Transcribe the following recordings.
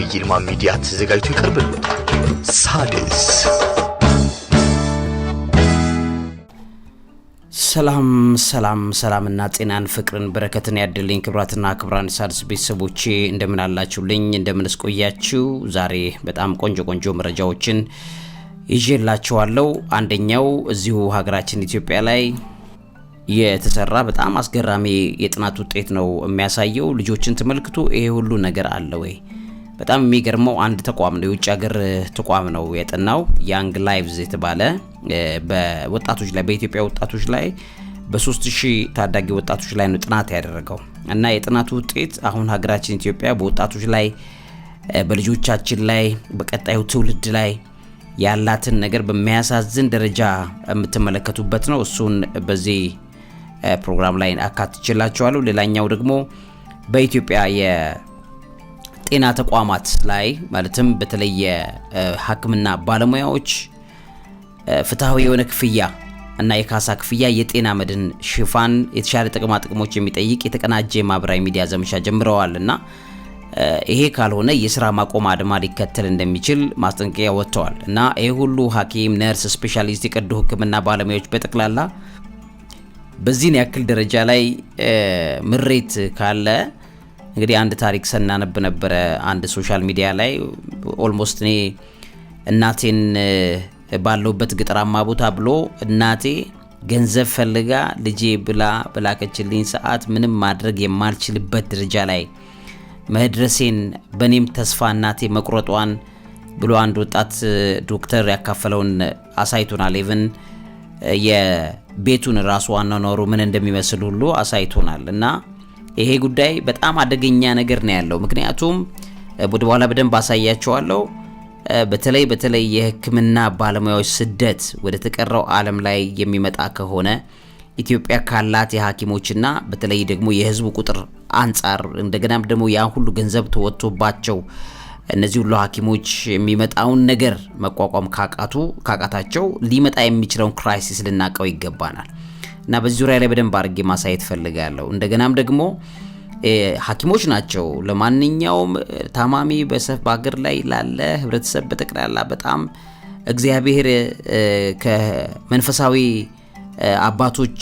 በዐቢይ ይልማ ሚዲያ ተዘጋጅቶ ይቀርብልዎታል። ሣድስ ሰላም ሰላም ሰላምና ጤናን ፍቅርን በረከትን ያድልኝ። ክብራትና ክብራን ሣድስ ቤተሰቦቼ እንደምን አላችሁልኝ? እንደምን ስቆያችሁ? ዛሬ በጣም ቆንጆ ቆንጆ መረጃዎችን ይዤላችኋለሁ። አንደኛው እዚሁ ሀገራችን ኢትዮጵያ ላይ የተሰራ በጣም አስገራሚ የጥናት ውጤት ነው የሚያሳየው። ልጆችን ተመልክቶ ይሄ ሁሉ ነገር አለ ወይ በጣም የሚገርመው አንድ ተቋም ነው፣ የውጭ ሀገር ተቋም ነው የጠናው ያንግ ላይቭዝ የተባለ በወጣቶች ላይ በኢትዮጵያ ወጣቶች ላይ በሶስት ሺህ ታዳጊ ወጣቶች ላይ ነው ጥናት ያደረገው እና የጥናቱ ውጤት አሁን ሀገራችን ኢትዮጵያ በወጣቶች ላይ በልጆቻችን ላይ በቀጣዩ ትውልድ ላይ ያላትን ነገር በሚያሳዝን ደረጃ የምትመለከቱበት ነው። እሱን በዚህ ፕሮግራም ላይ አካትችላችኋለሁ። ሌላኛው ደግሞ በኢትዮጵያ ጤና ተቋማት ላይ ማለትም በተለየ ሀክምና ባለሙያዎች ፍትሐዊ የሆነ ክፍያ እና የካሳ ክፍያ፣ የጤና መድን ሽፋን፣ የተሻለ ጥቅማ ጥቅሞች የሚጠይቅ የተቀናጀ ማህበራዊ ሚዲያ ዘመቻ ጀምረዋል እና ይሄ ካልሆነ የስራ ማቆም አድማ ሊከተል እንደሚችል ማስጠንቀቂያ ወጥተዋል እና ይሄ ሁሉ ሐኪም፣ ነርስ፣ ስፔሻሊስት፣ የቀዶ ሕክምና ባለሙያዎች በጠቅላላ በዚህን ያክል ደረጃ ላይ ምሬት ካለ እንግዲህ አንድ ታሪክ ስናነብ ነበረ አንድ ሶሻል ሚዲያ ላይ ኦልሞስት እኔ እናቴን ባለሁበት ገጠራማ ቦታ ብሎ እናቴ ገንዘብ ፈልጋ ልጄ ብላ በላከችልኝ ሰዓት ምንም ማድረግ የማልችልበት ደረጃ ላይ መድረሴን በእኔም ተስፋ እናቴ መቁረጧን ብሎ አንድ ወጣት ዶክተር ያካፈለውን አሳይቶናል። ኢቭን የቤቱን ራሱ ዋና ኖሩ ምን እንደሚመስል ሁሉ አሳይቶናል እና ይሄ ጉዳይ በጣም አደገኛ ነገር ነው ያለው። ምክንያቱም ወደ በኋላ በደንብ አሳያቸዋለሁ። በተለይ በተለይ የሕክምና ባለሙያዎች ስደት ወደ ተቀረው ዓለም ላይ የሚመጣ ከሆነ ኢትዮጵያ ካላት የሐኪሞችና በተለይ ደግሞ የህዝቡ ቁጥር አንጻር እንደገናም ደግሞ ያ ሁሉ ገንዘብ ተወጥቶባቸው እነዚህ ሁሉ ሐኪሞች የሚመጣውን ነገር መቋቋም ካቃቱ ካቃታቸው ሊመጣ የሚችለውን ክራይሲስ ልናቀው ይገባናል። እና በዚህ ዙሪያ ላይ በደንብ አድርጌ ማሳየት ፈልጋለሁ። እንደገናም ደግሞ ሐኪሞች ናቸው ለማንኛውም ታማሚ በሰፍ በሀገር ላይ ላለ ህብረተሰብ በጠቅላላ በጣም እግዚአብሔር ከመንፈሳዊ አባቶች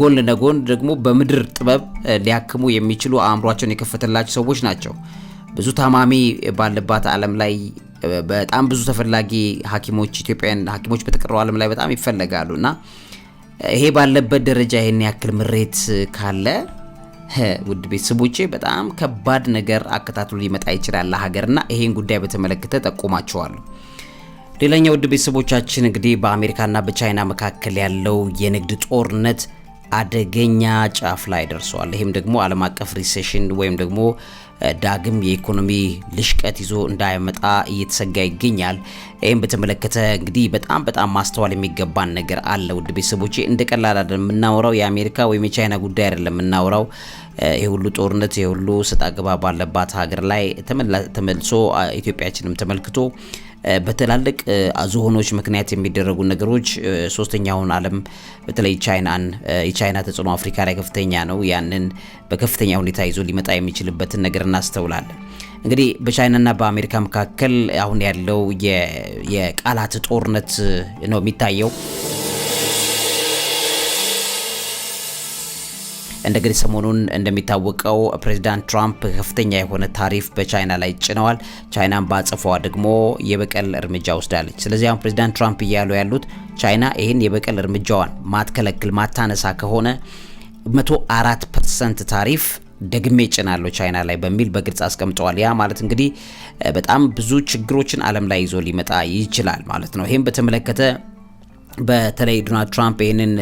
ጎን ለጎን ደግሞ በምድር ጥበብ ሊያክሙ የሚችሉ አእምሯቸውን የከፈተላቸው ሰዎች ናቸው። ብዙ ታማሚ ባለባት ዓለም ላይ በጣም ብዙ ተፈላጊ ሐኪሞች ኢትዮጵያውያን ሐኪሞች በተቀረው ዓለም ላይ በጣም ይፈለጋሉ እና ይሄ ባለበት ደረጃ ይሄን ያክል ምሬት ካለ ውድ ቤተሰቦቼ በጣም ከባድ ነገር አከታትሎ ሊመጣ ይችላል ለሀገርና ይሄን ጉዳይ በተመለከተ ጠቁማቸዋለሁ። ሌላኛው ውድ ቤተሰቦቻችን እንግዲህ በአሜሪካና በቻይና መካከል ያለው የንግድ ጦርነት አደገኛ ጫፍ ላይ ደርሷል። ይህም ደግሞ ዓለም አቀፍ ሪሴሽን ወይም ደግሞ ዳግም የኢኮኖሚ ልሽቀት ይዞ እንዳይመጣ እየተሰጋ ይገኛል። ይህም በተመለከተ እንግዲህ በጣም በጣም ማስተዋል የሚገባን ነገር አለ። ውድ ቤተሰቦቼ እንደ ቀላል አይደለም የምናወራው። የአሜሪካ ወይም የቻይና ጉዳይ አይደለም የምናወራው። ይህ ሁሉ ጦርነት ይህ ሁሉ ሰጣ ገባ ባለባት ሀገር ላይ ተመልሶ ኢትዮጵያችንም ተመልክቶ በትላልቅ ዝሆኖች ምክንያት የሚደረጉ ነገሮች ሶስተኛውን ዓለም በተለይ ቻይናን የቻይና ተጽዕኖ አፍሪካ ላይ ከፍተኛ ነው። ያንን በከፍተኛ ሁኔታ ይዞ ሊመጣ የሚችልበትን ነገር እናስተውላለን። እንግዲህ በቻይናና በአሜሪካ መካከል አሁን ያለው የቃላት ጦርነት ነው የሚታየው። እንግዲህ ሰሞኑን እንደሚታወቀው ፕሬዚዳንት ትራምፕ ከፍተኛ የሆነ ታሪፍ በቻይና ላይ ጭነዋል። ቻይናን በአጽፏ ደግሞ የበቀል እርምጃ ወስዳለች። ስለዚህ አሁን ፕሬዚዳንት ትራምፕ እያሉ ያሉት ቻይና ይህን የበቀል እርምጃዋን ማትከለክል ማታነሳ ከሆነ 104 ፐርሰንት ታሪፍ ደግሜ ጭናለሁ ቻይና ላይ በሚል በግልጽ አስቀምጠዋል። ያ ማለት እንግዲህ በጣም ብዙ ችግሮችን ዓለም ላይ ይዞ ሊመጣ ይችላል ማለት ነው። ይህም በተመለከተ በተለይ ዶናልድ ትራምፕ ይህንን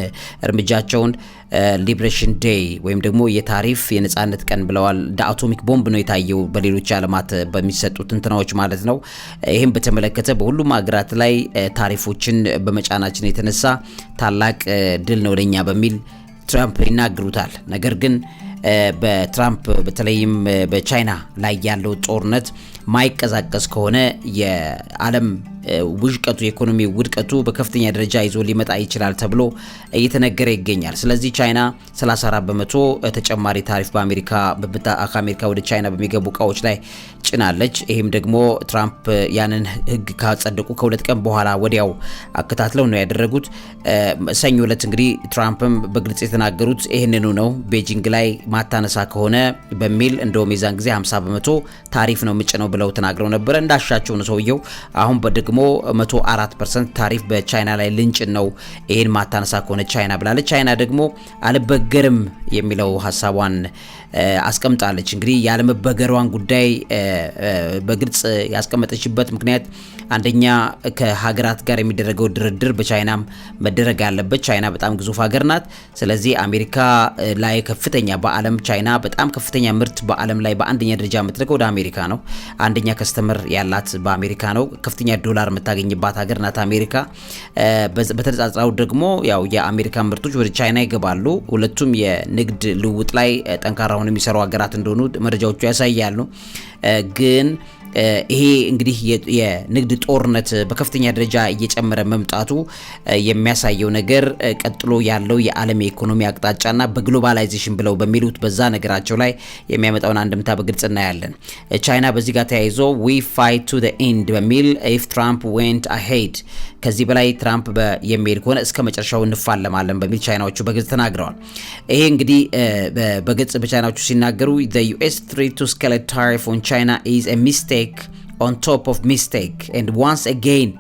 እርምጃቸውን ሊብሬሽን ዴይ ወይም ደግሞ የታሪፍ የነጻነት ቀን ብለዋል። እንደ አቶሚክ ቦምብ ነው የታየው በሌሎች ዓለማት በሚሰጡ ትንትናዎች ማለት ነው። ይህም በተመለከተ በሁሉም ሀገራት ላይ ታሪፎችን በመጫናችን የተነሳ ታላቅ ድል ነው ለኛ በሚል ትራምፕ ይናገሩታል። ነገር ግን በትራምፕ በተለይም በቻይና ላይ ያለው ጦርነት ማይቀዛቀዝ ከሆነ የዓለም ውዥቀቱ የኢኮኖሚ ውድቀቱ በከፍተኛ ደረጃ ይዞ ሊመጣ ይችላል ተብሎ እየተነገረ ይገኛል። ስለዚህ ቻይና 34 በመቶ ተጨማሪ ታሪፍ በአሜሪካ ከአሜሪካ ወደ ቻይና በሚገቡ እቃዎች ላይ ጭናለች። ይህም ደግሞ ትራምፕ ያንን ህግ ካጸደቁ ከሁለት ቀን በኋላ ወዲያው አከታትለው ነው ያደረጉት። ሰኞ ዕለት እንግዲህ ትራምፕም በግልጽ የተናገሩት ይህንኑ ነው። ቤጂንግ ላይ ማታነሳ ከሆነ በሚል እንደውም የዛን ጊዜ 50 በመቶ ታሪፍ ነው ምጭ ነው ብለው ተናግረው ነበረ። እንዳሻቸው ነው ሰውየው። አሁን በደግሞ 104% ታሪፍ በቻይና ላይ ልንጭን ነው ይህን ማታነሳ ከሆነ ቻይና ብላለች። ቻይና ደግሞ አልበገርም የሚለው ሀሳቧን አስቀምጣለች። እንግዲህ ያለመበገሯን ጉዳይ በግልጽ ያስቀመጠችበት ምክንያት አንደኛ ከሀገራት ጋር የሚደረገው ድርድር በቻይናም መደረግ አለበት። ቻይና በጣም ግዙፍ ሀገር ናት። ስለዚህ አሜሪካ ላይ ከፍተኛ በዓለም ቻይና በጣም ከፍተኛ ምርት በዓለም ላይ በአንደኛ ደረጃ የምትልከው ወደ አሜሪካ ነው። አንደኛ ከስተምር ያላት በአሜሪካ ነው። ከፍተኛ ዶላር የምታገኝባት ሀገር ናት አሜሪካ። በተነጻጽራው ደግሞ ያው የአሜሪካ ምርቶች ወደ ቻይና ይገባሉ። ሁለቱም የንግድ ልውውጥ ላይ ጠንካራ አሁን የሚሰሩ ሀገራት እንደሆኑ መረጃዎቹ ያሳያሉ። ግን ይሄ እንግዲህ የንግድ ጦርነት በከፍተኛ ደረጃ እየጨመረ መምጣቱ የሚያሳየው ነገር ቀጥሎ ያለው የዓለም የኢኮኖሚ አቅጣጫና በግሎባላይዜሽን ብለው በሚሉት በዛ ነገራቸው ላይ የሚያመጣውን አንድምታ በግልጽ እናያለን። ቻይና በዚህ ጋር ተያይዞ ዊ ፋይት ቱ ኤንድ በሚል ኢፍ ትራምፕ ዌንት አሄድ ከዚህ በላይ ትራምፕ የሚሄድ ከሆነ እስከ መጨረሻው እንፋለማለን በሚል ቻይናዎቹ በግልጽ ተናግረዋል። ይሄ እንግዲህ በግልጽ በቻይናዎቹ ሲናገሩ ዩኤስ ትሪ ቱ ስካሌት ታሪፍ ኦን ቻይና ኢዝ ሚስቴክ ኦን ቶፕ ኦፍ ሚስቴክ ኤንድ ዋንስ አጌን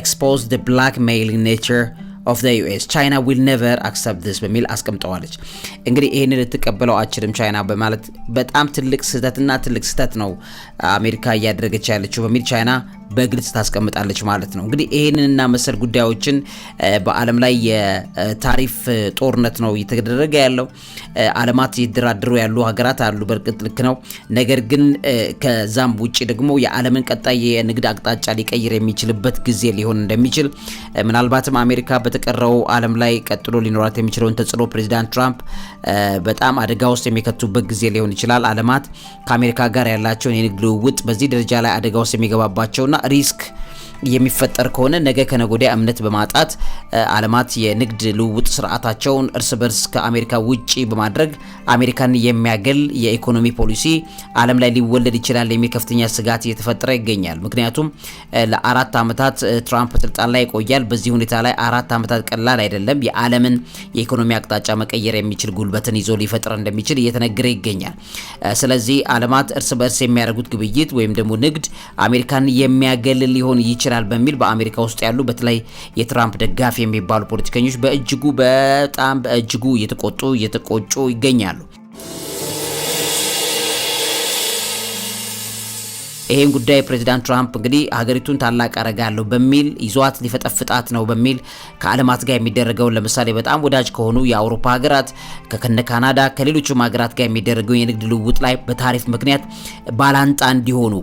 ኤክስፖዝ ዘ ብላክሜይሊንግ ኔቸር ኦፍ ዘ ዩኤስ ቻይና ዊል ኔቨር አክሰፕት ስ በሚል አስቀምጠዋለች። እንግዲህ ይህን ልትቀበለው አችልም ቻይና በማለት በጣም ትልቅ ስህተትና ትልቅ ስህተት ነው አሜሪካ እያደረገች ያለችው በሚል ቻይና በግልጽ ታስቀምጣለች ማለት ነው። እንግዲህ ይህንንና መሰል ጉዳዮችን በዓለም ላይ የታሪፍ ጦርነት ነው እየተደረገ ያለው። ዓለማት እየተደራደሩ ያሉ ሀገራት አሉ፣ በእርግጥ ልክ ነው። ነገር ግን ከዛም ውጭ ደግሞ የዓለምን ቀጣይ የንግድ አቅጣጫ ሊቀይር የሚችልበት ጊዜ ሊሆን እንደሚችል ምናልባትም አሜሪካ በተቀረው ዓለም ላይ ቀጥሎ ሊኖራት የሚችለውን ተጽዕኖ ፕሬዚዳንት ትራምፕ በጣም አደጋ ውስጥ የሚከቱበት ጊዜ ሊሆን ይችላል። ዓለማት ከአሜሪካ ጋር ያላቸውን የንግድ ልውውጥ በዚህ ደረጃ ላይ አደጋ ውስጥ የሚገባባቸውና риск የሚፈጠር ከሆነ ነገ ከነጎዳ እምነት በማጣት አለማት የንግድ ልውውጥ ስርዓታቸውን እርስ በርስ ከአሜሪካ ውጪ በማድረግ አሜሪካን የሚያገል የኢኮኖሚ ፖሊሲ አለም ላይ ሊወለድ ይችላል የሚል ከፍተኛ ስጋት እየተፈጠረ ይገኛል። ምክንያቱም ለአራት ዓመታት ትራምፕ ስልጣን ላይ ይቆያል። በዚህ ሁኔታ ላይ አራት ዓመታት ቀላል አይደለም። የዓለምን የኢኮኖሚ አቅጣጫ መቀየር የሚችል ጉልበትን ይዞ ሊፈጥር እንደሚችል እየተነገረ ይገኛል። ስለዚህ አለማት እርስ በርስ የሚያደርጉት ግብይት ወይም ደግሞ ንግድ አሜሪካን የሚያገል ሊሆን ይችላል ይችላል በሚል በአሜሪካ ውስጥ ያሉ በተለይ የትራምፕ ደጋፊ የሚባሉ ፖለቲከኞች በእጅጉ በጣም በእጅጉ እየተቆጡ እየተቆጩ ይገኛሉ። ይህን ጉዳይ ፕሬዚዳንት ትራምፕ እንግዲህ ሀገሪቱን ታላቅ አረጋለሁ በሚል ይዟት ሊፈጠፍጣት ነው በሚል ከዓለማት ጋር የሚደረገውን ለምሳሌ በጣም ወዳጅ ከሆኑ የአውሮፓ ሀገራት ከከነ ካናዳ ከሌሎችም ሀገራት ጋር የሚደረገውን የንግድ ልውውጥ ላይ በታሪፍ ምክንያት ባላንጣ እንዲሆኑ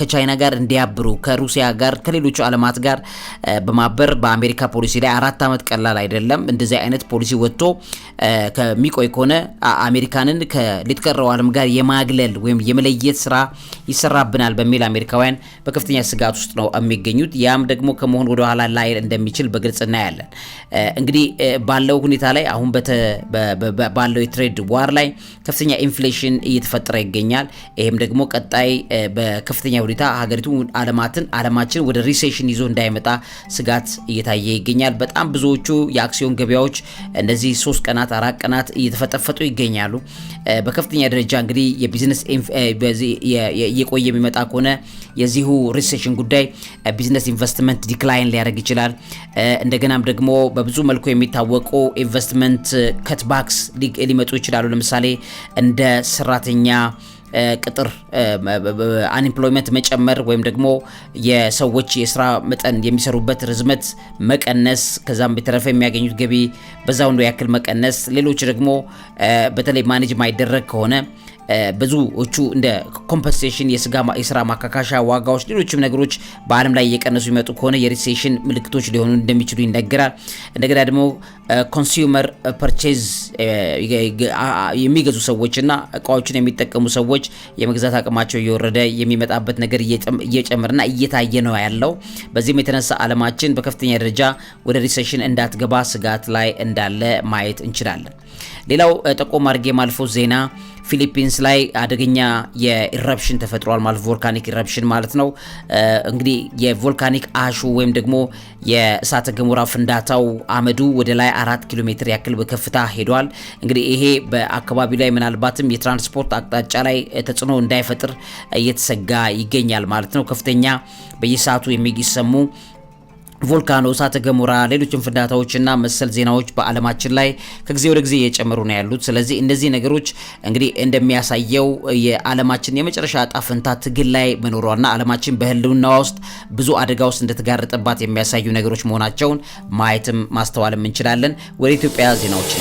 ከቻይና ጋር እንዲያብሩ ከሩሲያ ጋር ከሌሎቹ ዓለማት ጋር በማበር በአሜሪካ ፖሊሲ ላይ አራት ዓመት ቀላል አይደለም። እንደዚህ አይነት ፖሊሲ ወጥቶ ከሚቆይ ከሆነ አሜሪካንን ከሊትቀረው ዓለም ጋር የማግለል ወይም የመለየት ስራ ይሰራብናል በሚል በሚል አሜሪካውያን በከፍተኛ ስጋት ውስጥ ነው የሚገኙት። ያም ደግሞ ከመሆን ወደ ኋላ ላይል እንደሚችል በግልጽ እናያለን። እንግዲህ ባለው ሁኔታ ላይ አሁን ባለው የትሬድ ዋር ላይ ከፍተኛ ኢንፍሌሽን እየተፈጠረ ይገኛል። ይህም ደግሞ ቀጣይ በከፍተኛ ሁኔታ ሀገሪቱ አለማትን አለማችን ወደ ሪሴሽን ይዞ እንዳይመጣ ስጋት እየታየ ይገኛል። በጣም ብዙዎቹ የአክሲዮን ገበያዎች እነዚህ ሶስት ቀናት አራት ቀናት እየተፈጠፈጡ ይገኛሉ። በከፍተኛ ደረጃ እንግዲህ የቢዝነስ የቆየ የሚመጣ ከሆነ ከሆነ የዚሁ ሪሴሽን ጉዳይ ቢዝነስ ኢንቨስትመንት ዲክላይን ሊያደርግ ይችላል። uh, እንደገናም ደግሞ በብዙ መልኩ የሚታወቁ ኢንቨስትመንት ከትባክስ uh, ሊመጡ ይችላሉ። ለምሳሌ እንደ ሰራተኛ uh, ቅጥር አንኤምፕሎይመንት መጨመር ወይም ደግሞ የሰዎች የስራ መጠን የሚሰሩበት ርዝመት መቀነስ፣ ከዛም በተረፈ የሚያገኙት ገቢ በዛው ያክል መቀነስ፣ ሌሎች ደግሞ በተለይ ማኔጅ ማይደረግ ከሆነ ብዙዎቹ እንደ ኮምፐንሴሽን የስራ ማካካሻ ዋጋዎች፣ ሌሎችም ነገሮች በዓለም ላይ እየቀነሱ ይመጡ ከሆነ የሪሴሽን ምልክቶች ሊሆኑ እንደሚችሉ ይነገራል። እንደገና ደግሞ ኮንሱመር ፐርቼዝ የሚገዙ ሰዎችና እቃዎችን የሚጠቀሙ ሰዎች የመግዛት አቅማቸው እየወረደ የሚመጣበት ነገር እየጨመረና እየታየ ነው ያለው። በዚህም የተነሳ ዓለማችን በከፍተኛ ደረጃ ወደ ሪሴሽን እንዳትገባ ስጋት ላይ እንዳለ ማየት እንችላለን። ሌላው ጠቆም አድርጌ ማልፎ ዜና ፊሊፒንስ ላይ አደገኛ የኢረፕሽን ተፈጥሯል ማለት ቮልካኒክ ኢረፕሽን ማለት ነው። እንግዲህ የቮልካኒክ አሹ ወይም ደግሞ የእሳተ ገሞራ ፍንዳታው አመዱ ወደ ላይ አራት ኪሎ ሜትር ያክል በከፍታ ሄዷል። እንግዲህ ይሄ በአካባቢው ላይ ምናልባትም የትራንስፖርት አቅጣጫ ላይ ተጽዕኖ እንዳይፈጥር እየተሰጋ ይገኛል ማለት ነው። ከፍተኛ በየሰዓቱ የሚሰሙ ቮልካኖ፣ እሳተ ገሞራ፣ ሌሎችም ፍንዳታዎችና መሰል ዜናዎች በዓለማችን ላይ ከጊዜ ወደ ጊዜ እየጨመሩ ነው ያሉት። ስለዚህ እነዚህ ነገሮች እንግዲህ እንደሚያሳየው የዓለማችን የመጨረሻ እጣ ፈንታ ትግል ላይ መኖሯና ዓለማችን በሕልውናዋ ውስጥ ብዙ አደጋ ውስጥ እንደተጋረጠባት የሚያሳዩ ነገሮች መሆናቸውን ማየትም ማስተዋልም እንችላለን። ወደ ኢትዮጵያ ዜናዎች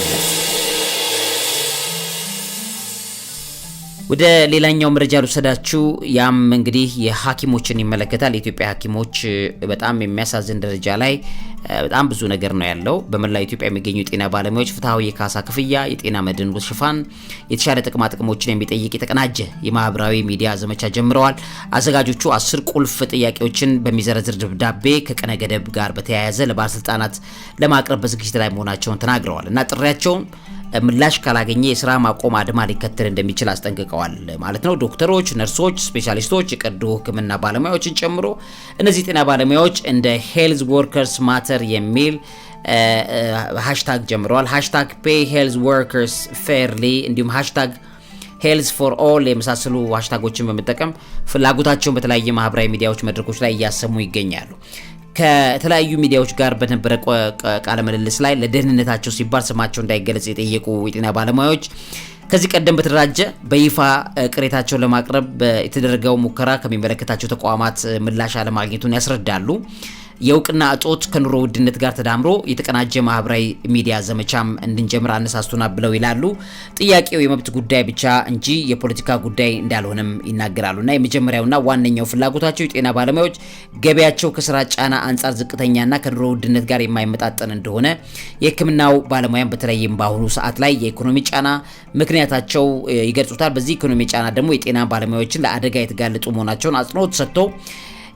ወደ ሌላኛው መረጃ ልውሰዳችሁ። ያም እንግዲህ የሐኪሞችን ይመለከታል። የኢትዮጵያ ሐኪሞች በጣም የሚያሳዝን ደረጃ ላይ በጣም ብዙ ነገር ነው ያለው። በመላ ኢትዮጵያ የሚገኙ የጤና ባለሙያዎች ፍትሐዊ የካሳ ክፍያ፣ የጤና መድን ሽፋን፣ የተሻለ ጥቅማ ጥቅሞችን የሚጠይቅ የተቀናጀ የማህበራዊ ሚዲያ ዘመቻ ጀምረዋል። አዘጋጆቹ አስር ቁልፍ ጥያቄዎችን በሚዘረዝር ደብዳቤ ከቀነ ገደብ ጋር በተያያዘ ለባለስልጣናት ለማቅረብ በዝግጅት ላይ መሆናቸውን ተናግረዋል እና ጥሪያቸውን ምላሽ ካላገኘ የስራ ማቆም አድማ ሊከተል እንደሚችል አስጠንቅቀዋል ማለት ነው። ዶክተሮች፣ ነርሶች፣ ስፔሻሊስቶች፣ የቀዶ ሕክምና ባለሙያዎችን ጨምሮ እነዚህ ጤና ባለሙያዎች እንደ ሄልዝ ወርከርስ ማተር የሚል ሃሽታግ ጀምረዋል። ሃሽታግ ፔይ ሄልዝ ወርከርስ ፌርሊ እንዲሁም ሃሽታግ ሄልዝ ፎር ኦል የመሳሰሉ ሃሽታጎችን በመጠቀም ፍላጎታቸውን በተለያየ ማህበራዊ ሚዲያዎች መድረኮች ላይ እያሰሙ ይገኛሉ። ከተለያዩ ሚዲያዎች ጋር በነበረ ቃለ ምልልስ ላይ ለደህንነታቸው ሲባል ስማቸው እንዳይገለጽ የጠየቁ የጤና ባለሙያዎች ከዚህ ቀደም በተደራጀ በይፋ ቅሬታቸውን ለማቅረብ የተደረገው ሙከራ ከሚመለከታቸው ተቋማት ምላሽ አለማግኘቱን ያስረዳሉ። የእውቅና እጦት ከኑሮ ውድነት ጋር ተዳምሮ የተቀናጀ ማህበራዊ ሚዲያ ዘመቻም እንድንጀምር አነሳስቶናል ብለው ይላሉ። ጥያቄው የመብት ጉዳይ ብቻ እንጂ የፖለቲካ ጉዳይ እንዳልሆነም ይናገራሉ። እና የመጀመሪያውና ዋነኛው ፍላጎታቸው የጤና ባለሙያዎች ገበያቸው ከስራ ጫና አንጻር ዝቅተኛና ከኑሮ ውድነት ጋር የማይመጣጠን እንደሆነ የህክምናው ባለሙያም በተለይም በአሁኑ ሰዓት ላይ የኢኮኖሚ ጫና ምክንያታቸው ይገልጹታል። በዚህ ኢኮኖሚ ጫና ደግሞ የጤና ባለሙያዎችን ለአደጋ የተጋለጡ መሆናቸውን አጽንኦት ሰጥተው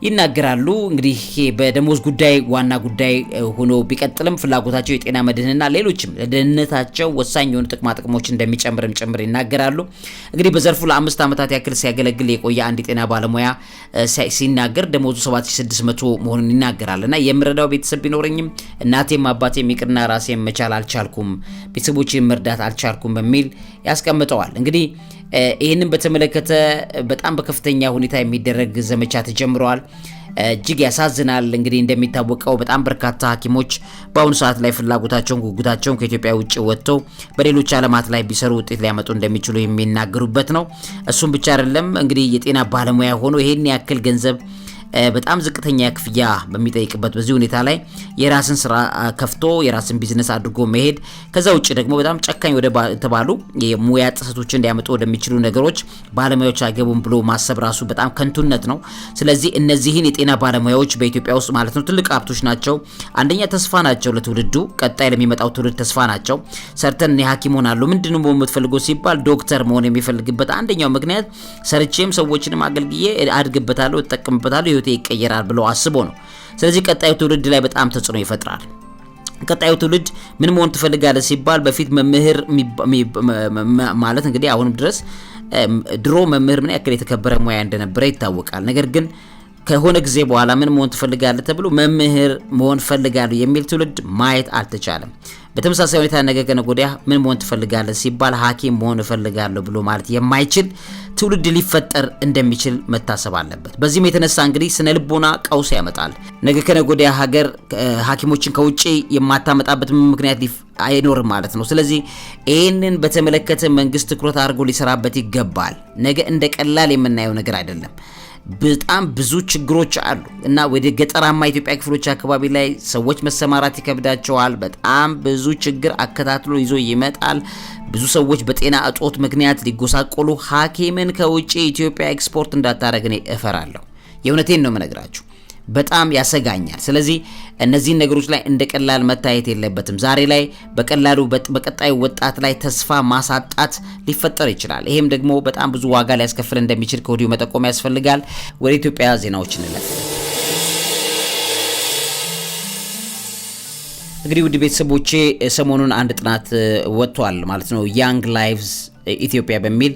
ይናገራሉ። እንግዲህ በደሞዝ ጉዳይ ዋና ጉዳይ ሆኖ ቢቀጥልም ፍላጎታቸው የጤና መድህንና ሌሎችም ለደህንነታቸው ወሳኝ የሆኑ ጥቅማ ጥቅሞች እንደሚጨምርም ጭምር ይናገራሉ። እንግዲህ በዘርፉ ለአምስት ዓመታት ያክል ሲያገለግል የቆየ አንድ የጤና ባለሙያ ሲናገር ደሞዙ 7600 መሆኑን ይናገራል እና የምረዳው ቤተሰብ ቢኖረኝም እናቴም አባቴም ይቅርና ራሴ መቻል አልቻልኩም፣ ቤተሰቦች መርዳት አልቻልኩም በሚል ያስቀምጠዋል እንግዲህ ይህንን በተመለከተ በጣም በከፍተኛ ሁኔታ የሚደረግ ዘመቻ ተጀምረዋል። እጅግ ያሳዝናል። እንግዲህ እንደሚታወቀው በጣም በርካታ ሐኪሞች በአሁኑ ሰዓት ላይ ፍላጎታቸውን፣ ጉጉታቸውን ከኢትዮጵያ ውጭ ወጥተው በሌሎች ዓለማት ላይ ቢሰሩ ውጤት ሊያመጡ እንደሚችሉ የሚናገሩበት ነው። እሱም ብቻ አይደለም እንግዲህ የጤና ባለሙያ ሆኖ ይህን ያክል ገንዘብ በጣም ዝቅተኛ ክፍያ በሚጠይቅበት በዚህ ሁኔታ ላይ የራስን ስራ ከፍቶ የራስን ቢዝነስ አድርጎ መሄድ ከዛ ውጭ ደግሞ በጣም ጨካኝ ወደ ተባሉ የሙያ ጥሰቶች እንዲያመጡ ወደሚችሉ ነገሮች ባለሙያዎች አይገቡም ብሎ ማሰብ ራሱ በጣም ከንቱነት ነው። ስለዚህ እነዚህን የጤና ባለሙያዎች በኢትዮጵያ ውስጥ ማለት ነው ትልቅ ሀብቶች ናቸው። አንደኛ ተስፋ ናቸው፣ ለትውልዱ ቀጣይ ለሚመጣው ትውልድ ተስፋ ናቸው። ሰርተን እኔ ሐኪም ሆናለሁ ምንድን መሆን የምትፈልገው ሲባል ዶክተር መሆን የሚፈልግበት አንደኛው ምክንያት ሰርቼም ሰዎችንም አገልግዬ አድግበታለሁ፣ እጠቀምበታለሁ ህይወቴ ይቀየራል ብሎ አስቦ ነው። ስለዚህ ቀጣዩ ትውልድ ላይ በጣም ተጽዕኖ ይፈጥራል። ቀጣዩ ትውልድ ምን መሆን ትፈልጋለህ ሲባል በፊት መምህር ማለት እንግዲህ አሁንም ድረስ ድሮ መምህር ምን ያክል የተከበረ ሙያ እንደነበረ ይታወቃል። ነገር ግን ከሆነ ጊዜ በኋላ ምን መሆን ትፈልጋለህ ተብሎ መምህር መሆን ፈልጋለሁ የሚል ትውልድ ማየት አልተቻለም። በተመሳሳይ ሁኔታ ነገ ከነገ ወዲያ ምን መሆን ትፈልጋለህ ሲባል ሐኪም መሆን እፈልጋለሁ ብሎ ማለት የማይችል ትውልድ ሊፈጠር እንደሚችል መታሰብ አለበት። በዚህም የተነሳ እንግዲህ ስነ ልቦና ቀውስ ያመጣል። ነገ ከነገ ወዲያ ሀገር ሐኪሞችን ከውጭ የማታመጣበት ምክንያት አይኖርም ማለት ነው። ስለዚህ ይህንን በተመለከተ መንግስት ትኩረት አድርጎ ሊሰራበት ይገባል። ነገ እንደ ቀላል የምናየው ነገር አይደለም። በጣም ብዙ ችግሮች አሉ እና ወደ ገጠራማ ኢትዮጵያ ክፍሎች አካባቢ ላይ ሰዎች መሰማራት ይከብዳቸዋል። በጣም ብዙ ችግር አከታትሎ ይዞ ይመጣል። ብዙ ሰዎች በጤና እጦት ምክንያት ሊጎሳቆሉ ሐኪምን ከውጭ ኢትዮጵያ ኤክስፖርት እንዳታረግ እኔ እፈራለሁ። የእውነቴን ነው የምነግራችሁ። በጣም ያሰጋኛል። ስለዚህ እነዚህን ነገሮች ላይ እንደ ቀላል መታየት የለበትም። ዛሬ ላይ በቀላሉ በቀጣዩ ወጣት ላይ ተስፋ ማሳጣት ሊፈጠር ይችላል። ይሄም ደግሞ በጣም ብዙ ዋጋ ሊያስከፍል እንደሚችል ከወዲሁ መጠቆም ያስፈልጋል። ወደ ኢትዮጵያ ዜናዎች እንለፍ። እንግዲህ ውድ ቤተሰቦቼ ሰሞኑን አንድ ጥናት ወጥቷል ማለት ነው ያንግ ላይቭስ ኢትዮጵያ በሚል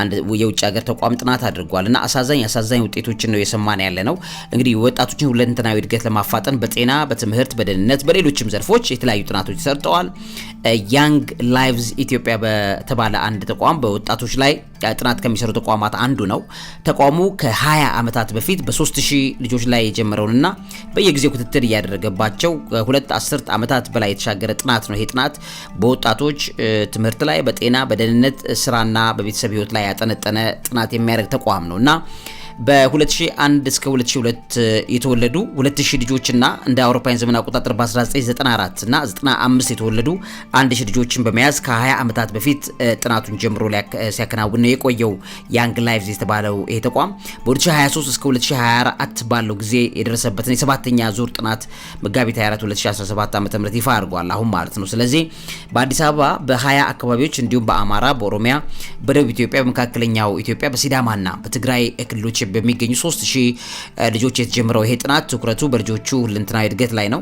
አንድ የውጭ ሀገር ተቋም ጥናት አድርጓል እና አሳዛኝ አሳዛኝ ውጤቶችን ነው የሰማን ያለ ነው። እንግዲህ ወጣቶችን ሁለንተናዊ እድገት ለማፋጠን በጤና፣ በትምህርት፣ በደህንነት፣ በሌሎችም ዘርፎች የተለያዩ ጥናቶች ተሰርተዋል። ያንግ ላይቭዝ ኢትዮጵያ በተባለ አንድ ተቋም በወጣቶች ላይ ጥናት ከሚሰሩ ተቋማት አንዱ ነው። ተቋሙ ከ20 ዓመታት በፊት በ3000 ልጆች ላይ የጀመረውንና በየጊዜው ክትትል እያደረገባቸው ሁለት አስርት ዓመታት በላይ የተሻገረ ጥናት ነው። ይሄ ጥናት በወጣቶች ትምህርት ላይ፣ በጤና በደህንነት ስራና በቤተሰብ ህይወት ላይ ያጠነጠነ ጥናት የሚያደርግ ተቋም ነው እና በ2001 እስከ 2002 የተወለዱ 2000 ልጆችና እንደ አውሮፓውያን ዘመን አቆጣጠር በ1994 እና 95 የተወለዱ 1000 ልጆችን በመያዝ ከ20 ዓመታት በፊት ጥናቱን ጀምሮ ሲያከናውን ነው የቆየው ያንግ ላይቭዝ የተባለው ይሄ ተቋም በ2023 እስከ 2024 ባለው ጊዜ የደረሰበትን የሰባተኛ ዙር ጥናት መጋቢት 24 2017 ዓ.ም ይፋ አድርጓል። አሁን ማለት ነው። ስለዚህ በአዲስ አበባ በ20 አካባቢዎች እንዲሁም በአማራ፣ በኦሮሚያ፣ በደቡብ ኢትዮጵያ፣ በመካከለኛው ኢትዮጵያ፣ በሲዳማና በትግራይ ክልሎች በሚገኙ 3000 ልጆች የተጀመረው ይሄ ጥናት ትኩረቱ በልጆቹ ሁለንተናዊ እድገት ላይ ነው።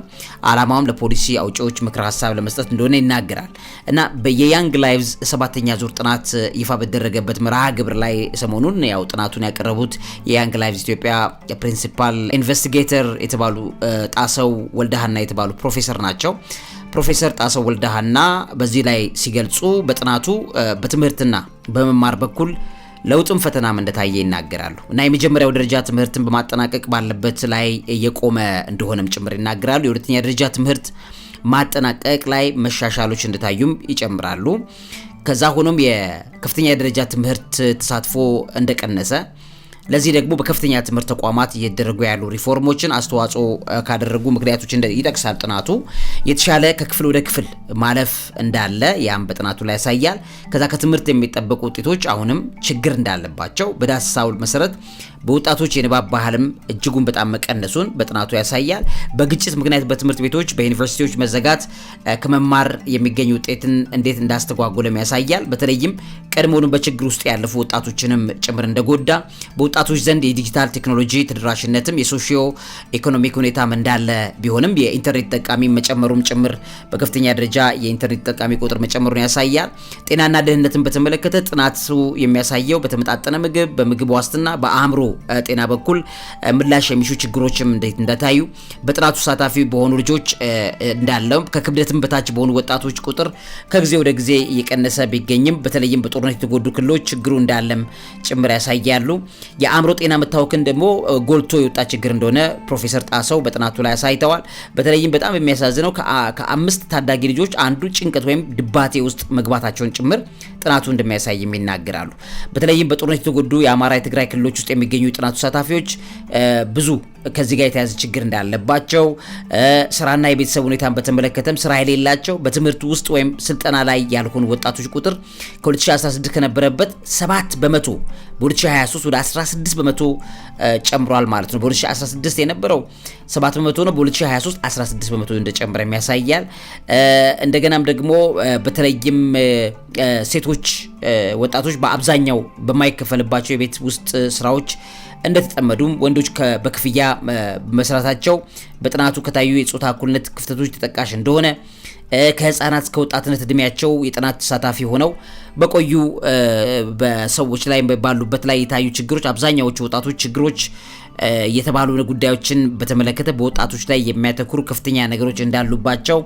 አላማውም ለፖሊሲ አውጪዎች ምክር ሀሳብ ለመስጠት እንደሆነ ይናገራል እና የያንግ ላይቭዝ ሰባተኛ ዙር ጥናት ይፋ በተደረገበት መርሃ ግብር ላይ ሰሞኑን ያው ጥናቱን ያቀረቡት የያንግ ላይቭዝ ኢትዮጵያ ፕሪንሲፓል ኢንቨስቲጌተር የተባሉ ጣሰው ወልደሃና የተባሉ ፕሮፌሰር ናቸው። ፕሮፌሰር ጣሰው ወልደሃና በዚህ ላይ ሲገልጹ በጥናቱ በትምህርትና በመማር በኩል ለውጥም ፈተናም እንደታየ ይናገራሉ እና የመጀመሪያው ደረጃ ትምህርትን በማጠናቀቅ ባለበት ላይ የቆመ እንደሆነም ጭምር ይናገራሉ። የሁለተኛ ደረጃ ትምህርት ማጠናቀቅ ላይ መሻሻሎች እንደታዩም ይጨምራሉ። ከዛ ሆኖም የከፍተኛ ደረጃ ትምህርት ተሳትፎ እንደቀነሰ ለዚህ ደግሞ በከፍተኛ ትምህርት ተቋማት እየተደረጉ ያሉ ሪፎርሞችን አስተዋጽኦ ካደረጉ ምክንያቶች ይጠቅሳል ጥናቱ። የተሻለ ከክፍል ወደ ክፍል ማለፍ እንዳለ ያም በጥናቱ ላይ ያሳያል። ከዛ ከትምህርት የሚጠበቁ ውጤቶች አሁንም ችግር እንዳለባቸው በዳሰሳው መሰረት በወጣቶች የንባብ ባህልም እጅጉን በጣም መቀነሱን በጥናቱ ያሳያል። በግጭት ምክንያት በትምህርት ቤቶች በዩኒቨርሲቲዎች መዘጋት ከመማር የሚገኝ ውጤትን እንዴት እንዳስተጓጎለም ያሳያል። በተለይም ቀድሞውኑ በችግር ውስጥ ያለፉ ወጣቶችንም ጭምር እንደጎዳ፣ በወጣቶች ዘንድ የዲጂታል ቴክኖሎጂ ተደራሽነትም የሶሽዮ ኢኮኖሚክ ሁኔታም እንዳለ ቢሆንም የኢንተርኔት ጠቃሚ መጨመሩም ጭምር በከፍተኛ ደረጃ የኢንተርኔት ጠቃሚ ቁጥር መጨመሩን ያሳያል። ጤናና ደህንነትን በተመለከተ ጥናቱ የሚያሳየው በተመጣጠነ ምግብ፣ በምግብ ዋስትና፣ በአእምሮ ጤና በኩል ምላሽ የሚሹ ችግሮችም እንደታዩ በጥናቱ ተሳታፊ በሆኑ ልጆች እንዳለው ከክብደትም በታች በሆኑ ወጣቶች ቁጥር ከጊዜ ወደ ጊዜ እየቀነሰ ቢገኝም በተለይም በጦርነት የተጎዱ ክልሎች ችግሩ እንዳለም ጭምር ያሳያሉ። የአእምሮ ጤና መታወክን ደግሞ ጎልቶ የወጣ ችግር እንደሆነ ፕሮፌሰር ጣሰው በጥናቱ ላይ አሳይተዋል። በተለይም በጣም የሚያሳዝነው ከአምስት ታዳጊ ልጆች አንዱ ጭንቀት ወይም ድባቴ ውስጥ መግባታቸውን ጭምር ጥናቱ እንደሚያሳይም ይናገራሉ። በተለይም በጦርነት የተጎዱ የአማራ፣ የትግራይ ክልሎች ውስጥ የሚገኙ የጥናቱ ተሳታፊዎች ብዙ ከዚህ ጋር የተያዘ ችግር እንዳለባቸው ስራና የቤተሰብ ሁኔታን በተመለከተም ስራ የሌላቸው በትምህርት ውስጥ ወይም ስልጠና ላይ ያልሆኑ ወጣቶች ቁጥር ከ2016 ከነበረበት 7 በመቶ በ2023 ወደ 16 በመቶ ጨምሯል ማለት ነው። በ2016 የነበረው 7 በመቶ ነው። በ2023 16 በመቶ እንደጨመረ የሚያሳያል። እንደገናም ደግሞ በተለይም ሴቶች ወጣቶች በአብዛኛው በማይከፈልባቸው የቤት ውስጥ ስራዎች እንደተጠመዱም ወንዶች በክፍያ መስራታቸው በጥናቱ ከታዩ የፆታ እኩልነት ክፍተቶች ተጠቃሽ እንደሆነ ከህፃናት እስከ ወጣትነት እድሜያቸው የጥናት ተሳታፊ ሆነው በቆዩ በሰዎች ላይ ባሉበት ላይ የታዩ ችግሮች አብዛኛዎቹ ወጣቶች ችግሮች የተባሉ ጉዳዮችን በተመለከተ በወጣቶች ላይ የሚያተኩሩ ከፍተኛ ነገሮች እንዳሉባቸው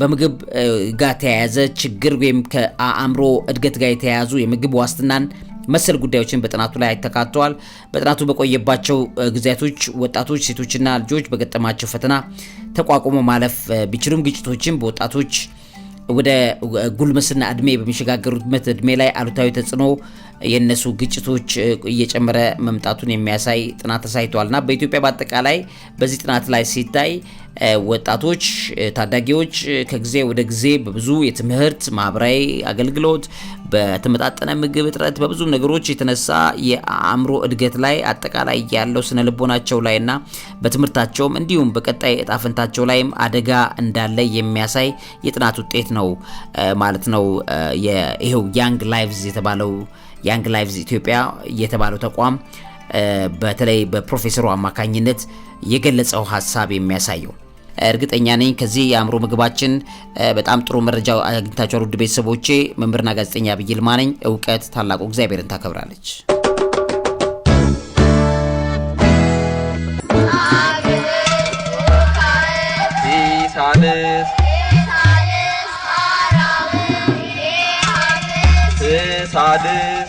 በምግብ ጋር ተያያዘ ችግር ወይም ከአእምሮ እድገት ጋር የተያያዙ የምግብ ዋስትናን መሰል ጉዳዮችን በጥናቱ ላይ ተካተዋል። በጥናቱ በቆየባቸው ጊዜያቶች ወጣቶች ሴቶችና ልጆች በገጠማቸው ፈተና ተቋቁሞ ማለፍ ቢችሉም ግጭቶችን በወጣቶች ወደ ጉልምስና እድሜ በሚሸጋገሩበት እድሜ ላይ አሉታዊ ተጽዕኖ የነሱ ግጭቶች እየጨመረ መምጣቱን የሚያሳይ ጥናት ተሳይተዋልና በኢትዮጵያ በአጠቃላይ በዚህ ጥናት ላይ ሲታይ ወጣቶች፣ ታዳጊዎች ከጊዜ ወደ ጊዜ በብዙ የትምህርት ማህበራዊ አገልግሎት፣ በተመጣጠነ ምግብ እጥረት፣ በብዙ ነገሮች የተነሳ የአእምሮ እድገት ላይ አጠቃላይ ያለው ስነ ልቦናቸው ላይና በትምህርታቸውም እንዲሁም በቀጣይ እጣ ላይም አደጋ እንዳለ የሚያሳይ የጥናት ውጤት ነው ማለት ነው። ይኸው ያንግ ላይቭዝ የተባለው ያንግ ላይቭዝ ኢትዮጵያ የተባለው ተቋም በተለይ በፕሮፌሰሩ አማካኝነት የገለጸው ሀሳብ የሚያሳየው እርግጠኛ ነኝ ከዚህ የአእምሮ ምግባችን በጣም ጥሩ መረጃ አግኝታችኋል። ውድ ቤተሰቦቼ፣ መምህርና ጋዜጠኛ ዐቢይ ይልማ ነኝ። እውቀት ታላቁ እግዚአብሔርን ታከብራለች። ሳድስ